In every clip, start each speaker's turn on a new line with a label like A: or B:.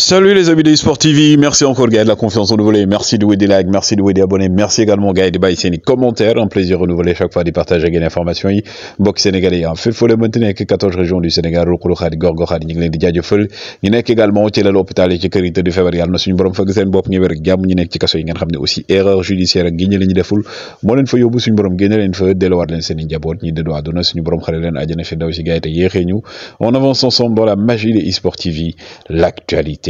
A: Salut les amis de eSport TV, merci encore Gaël de la confiance renouvelée, merci de des likes, merci de des abonnés, merci également Gaël de baisser les commentaires, un plaisir renouvelé chaque fois de partager des informations. Box sénégalais, en hein. fait, faut le maintenir que 14 régions du Sénégal, Rokoulou Khadi, Gorgo Khadi, ñu ngi leen di jaajëfal ñu nekk également au la l'hôpital et ci kër yi tëdd feebar yàlla na suñu borom fëgg seen bopp ñu wér ak ñu nekk ci kaso yi ngeen xam aussi erreur judiciaire ak génne la ñu deful moo leen fa yóbbu suñu borom génne de fa delluwaat leen seen i njaboot ñi dëddu àdduna suñu borom xale leen àjjana fi daw si Gaël te on avance ensemble dans la magie de eSport TV, l'actualité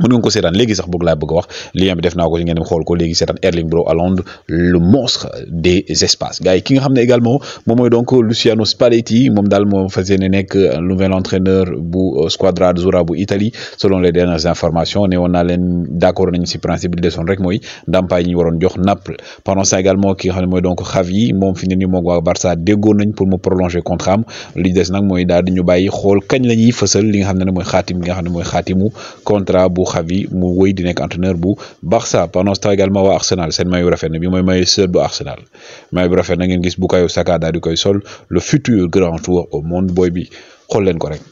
A: mën ngeen ko sétane légui sax bëgg laa bëgg a wax lien bi def naa ko ngeen dem xol ko légui sétane Erling Braut Haaland le monstre des espaces gars yi ki nga xamné également moom mooy donc Luciano Spalletti mom dal mom fas yéene nouvel entraîneur bu euh, Squadra Azzurra bu Italie selon les dernières informations né on a len d'accord nañ ci principe de son rek moy ndàmpaay yi ñu waroon jox Naples pendant ça également ki nga xam mooy donc Xavi mom fini ni nii moom Barça déggo nañ pour mu prolonger contrat am li des nak moy daal di ñu bayyi xol kañ la ñuy fësal li nga xamné ne mooy xaatim li nga xamné mooy contrat bu bu Xavi mu wëy di nekk entraîneur bu Barça pendant ce également waa Arsenal seen mayu rafet bi mooy mayu seul bu Arsenal mayu bu rafet na ngeen gis Saka daal sol le futur grand joueur au monde booy bi xool ko rek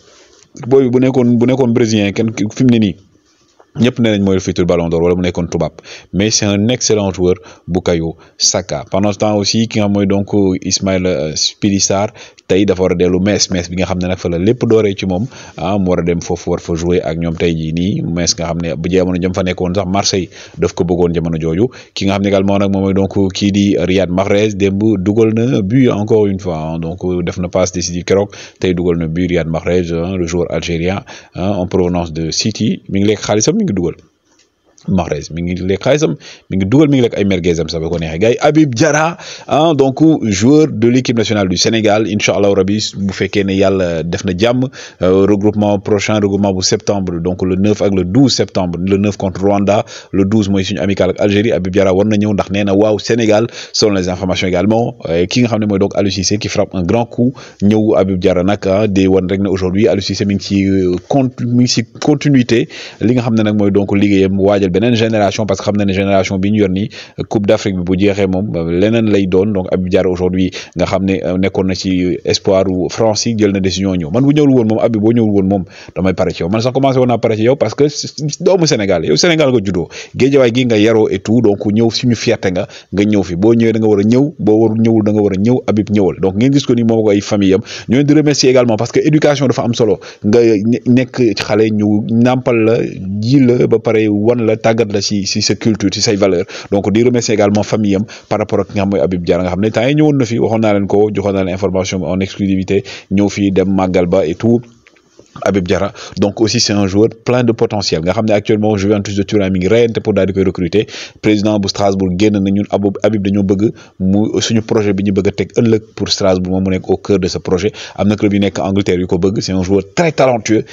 A: booy bu nekkoon brésilien kenn ne nii. ñëpp nee nañ mooy futur ballon d'or wala mu nekkoon tubab mais c'est un excellent joueur Bukayo Saka pendant ce temps aussi ki nga moy donc euh, Ismaïla euh, Spilissar tay dafa war a dellu Metz bi nga xamné nak fa la lépp doré ci mom ah mu war dem fofu war fa jouer ak ñom tay ji ni Metz nga xamné bu jamono jëm fa nekkoon sax Marseille daf ko bëggoon jamono joju ki nga xamné gal également nak moom donc ki di Riyad Mahrez démb dugol na but encore une fois ah, donc euh, def na passe décisive kérok tay dugol na but Riyad Mahrez ah, le joueur algérien ah, en provenance de City mi ngi lek xaalisam mi ngi dugal Mahrez mingi le lekk mingi mi mingi le mi ngi lekk ay merguezam sa ba ko Habib Jara hein donc joueur de l'équipe nationale du Sénégal inshallah rabbi rabi bu fekkee ne def na euh, regroupement prochain regroupement bu septembre donc le 9 ak le 12 septembre le 9 contre Rwanda le 12 moy suñu amical ak Algérie Habib Jara war na ñëw ndax nee waw Sénégal selon les informations également euh, ki nga moy donc Aliou qui frappe un grand coup ñëw Habib Jara nak de hein, day rek aujourd'hui Aliou Cissé mi euh, ci continuité li nga nak moy donc ligueyam waajal benen génération parce que xam génération bi ñu Coupe d'Afrique bi bu jéxé mom lénen lay doon donc Habib Diarra aujourd'hui nga xamné nékkon euh, na ci espoir ou France yi jël na décision ñu man bu ñëwul woon mom Habib bo ñëwul woon mom damay paré ci yow man sax commencé woon naa ci yow parce que doomu Sénégal yow Sénégal nga juddoo géejawaay gi nga yaro et tout donc ñëw suñu fierté nga nga ñëw fi bo ñëwee da nga wara ñëw war ñëwul da nga wara ñëw Habib donc ngeen gis ko ni moom ay famille yam ñoo di remercier également parce que éducation dafa am solo nga nekk xalé ñu nampal la jil la ba paré wan la tàggat la ci ci sa culture ci say valeur donc di remercier également famille am par rapport ak nga moy abib Habib nga xamné ne temps ñëwoon na fi waxoon na leen ko joxoon na leen information en exclusivité ñëw fi dem magal ba et tout Abib Diarra donc aussi c'est un joueur plein de potentiel nga xam ne actuellement Juventus de Turin mi ngi pour daal koy recruter président bu Strasbourg génn na ñun Abib Habib dañoo bëgg mu suñu projet bi ñu bëgg a teg pour Strasbourg moom mu nekk au cœur de ce projet am na club yu nekk Angleterre yu ko bëgg c'est un joueur très talentueux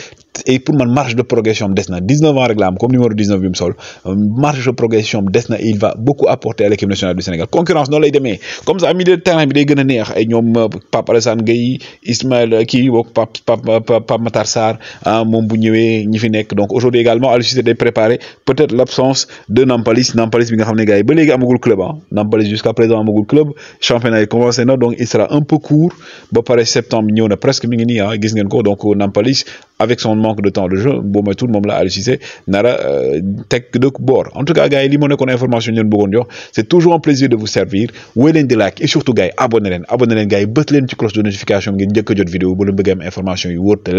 A: et pour man marge de progression dessna 19 ans rek la comme numéro 19 bim sol euh, marge de progression des il va beaucoup apporter à l'équipe nationale du Sénégal concurrence non lay démé comme ça milieu de terrain bi day gëna a neex ay ñom euh, Pape Alassane Gueye Ismaël euh, kii bokk Pape Pape Matar sar ah bu ñëwé ñi fi donc aujourd'hui également Aliou Cissé day préparer, peut-être l'absence de Nampalis Nampalis bi nga xamné gars ba léegi amagul club ah. Nampalis jusqu'à présent amagul club championnat est commencé na donc il sera un peu court ba paré septembre ñëw na presque mi ngi nii ah gis ngeen ko donc Nampalis avec son manque de temps de jeu boobu mooy tout moom la Aliou Cissé nar Nara euh, teg de boor en tout cas gars yi li mo nekkoon information yi ñu jox c'est toujours un plaisir de vous servir wéy leen di like et surtout gars yi abonné len abonné len gars yi bët ci cloche de notification ngeen jëk a jot vidéo bu lu bëgg am information yu wóor te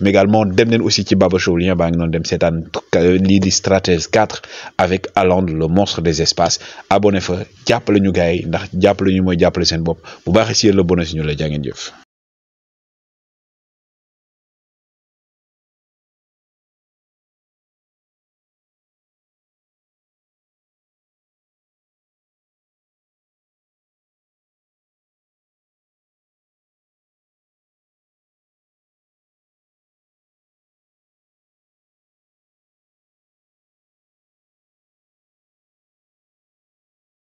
A: mais également dem len aussi ci Baba Show lien baa non noonu dem seetaan euh, li di stratège 4 avec Haaland le monstre des espaces abonné fa jàppale ñu gars yi ndax jàppale ñu moy jàppale sen bop bu baax ci le bonus ñu la jaa jëf.